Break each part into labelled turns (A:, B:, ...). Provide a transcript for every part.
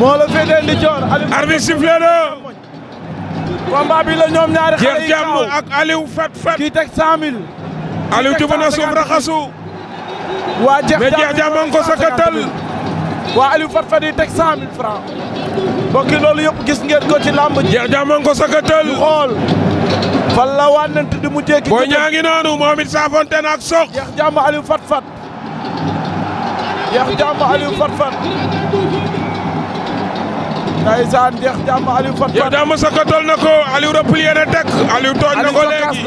A: moo la féetee ndi joor arbitre sifflé na combat bi la ñoom ñaari xale yi kaw ak Aliou Fat Fat kii teg 100000 Aliou tubu na suuf raxasu waa jeex mais jeex jaa Fat Fat yi teg 100000 francs mbokk yi loolu ko ci làmb ji jeex jaa ko sakatal ñu xool ak sox jeex jaa Fat Fat ndeysaan jeex jàmm Aliou Fat Fat yow daa mos a ko tol na ko Aliou replié na tooñ na ko léegi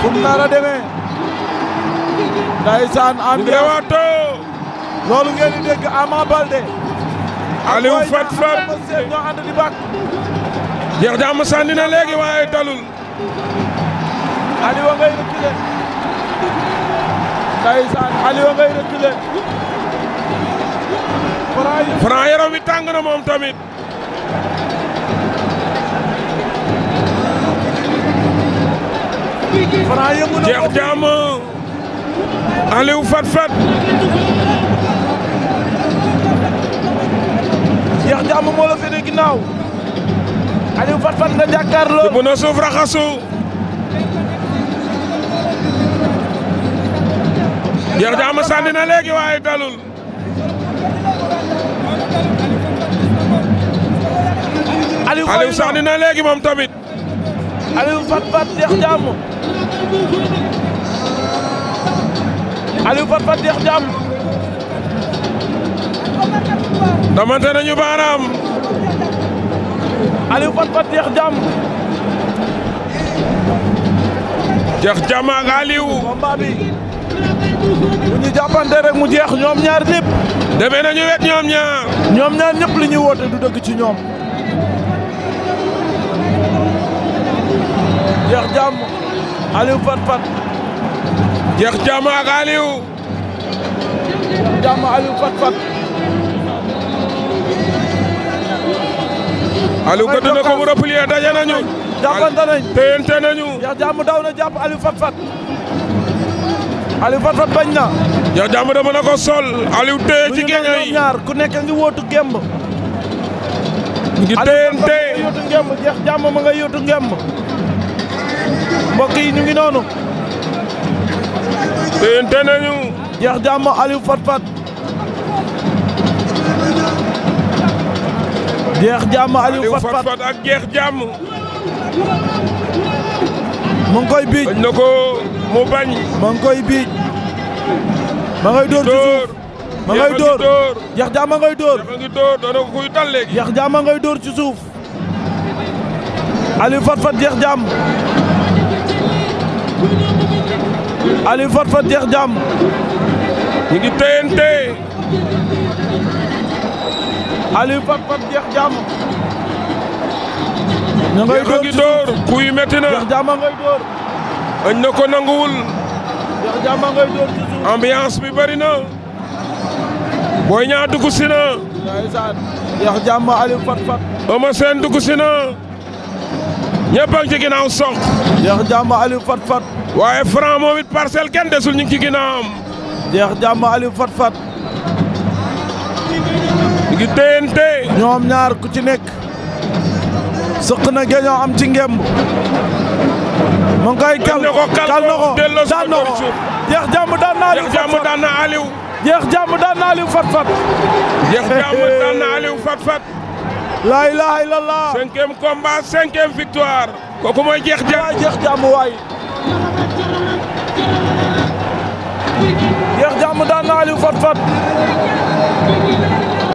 A: fu mu nar a demee ndeysaan ambiance loolu ngeen di dégg Ama Baldé
B: Aliou Fat Fat
A: ñoo ànd di bak jeex daa mos léegi waaye talul Aliou ngay reculé ndeysaan Aliou ngay reculé Franc yaram wi tàng na moom tamit jeex jaam Aliou Fat Fat jeex jaam moo la fene ginnaaw Aliou Fat Fat nga jàkkaar lool bu na suuf raxasu jeex jaam sànni na waaye dalul Aliou Sané na léegi moom tamit. Aliou Fat Fat Deex Jàmm. Aliou Fat Fat Deex Jàmm. damante nañu baaraam. Aliou Fat Fat Deex Jàmm. ñu jàppante mu jeex ñoom ñaar ñëpp. demee nañu wet ñoom ñaar. ñoom ñaar ñëpp li ñuy woote du dëgg ci ñoom. jeex jàmm Aliou Pat Pat. jeex jàmm ak Aliou. jeex jàmm Aliou Pat Pat. Aliou gëdd na ko mu replier daje nañu. jàppante nañ téyante nañu. jeex jàmm daw na jàpp Aliou Pat Pat. Aliou fat fat bañ na. yow jàmm dama na ko sol Aliou téye ci géej yi ku nekk ngi wóotu gemb. ngi téyente Aliou yóotu yi ñu ngi noonu. nañu. jeex jàmm Aliou fat fat. jeex jàmm Aliou fat fat ak jeex jàmm. mu koy biij. bañ na ko. mu bañ. ma ngi koy biij. ma ngay dóor ci suuf ma ngay dóor yax jaa ma ngay dóor. ma ngi dóor doon na ko kuy dal léegi. yax jaa ma ngay dóor ci suuf. Aliou Fat Fat jeex jaam Aliou Fat Fat jeex jaam ñu ngi téyante Aliou Fat Fat jeex jaam na ngay dóor kuy metti na jeex jaam ma ngay dóor dañ na ko nanguwul. Cheikh bi bëri na. Boy Niang dugg si na. ndeysaan Fat Fat. Eumeu Sène dugg si na. ñëpp a ngi ci ginnaaw soq. Cheikh Ndiamba Fat Fat. waaye Franc moom it parcelle kenn desul ñu ngi ci ginnaawam. Cheikh Ndiamba Aliou Fat Fat. ñu ngi téyante. ñoom ñaar ku ci nekk. sëq na am ci ngemb mu ngi koy kal kal na jeex jàmm daan jeex jàmm daan Fat Fat jeex jàmm daan Fat Fat la ilaha illallah cinquième combat cinquième victoire kooku mooy jeex jàmm jeex jeex jàmm daan Fat Fat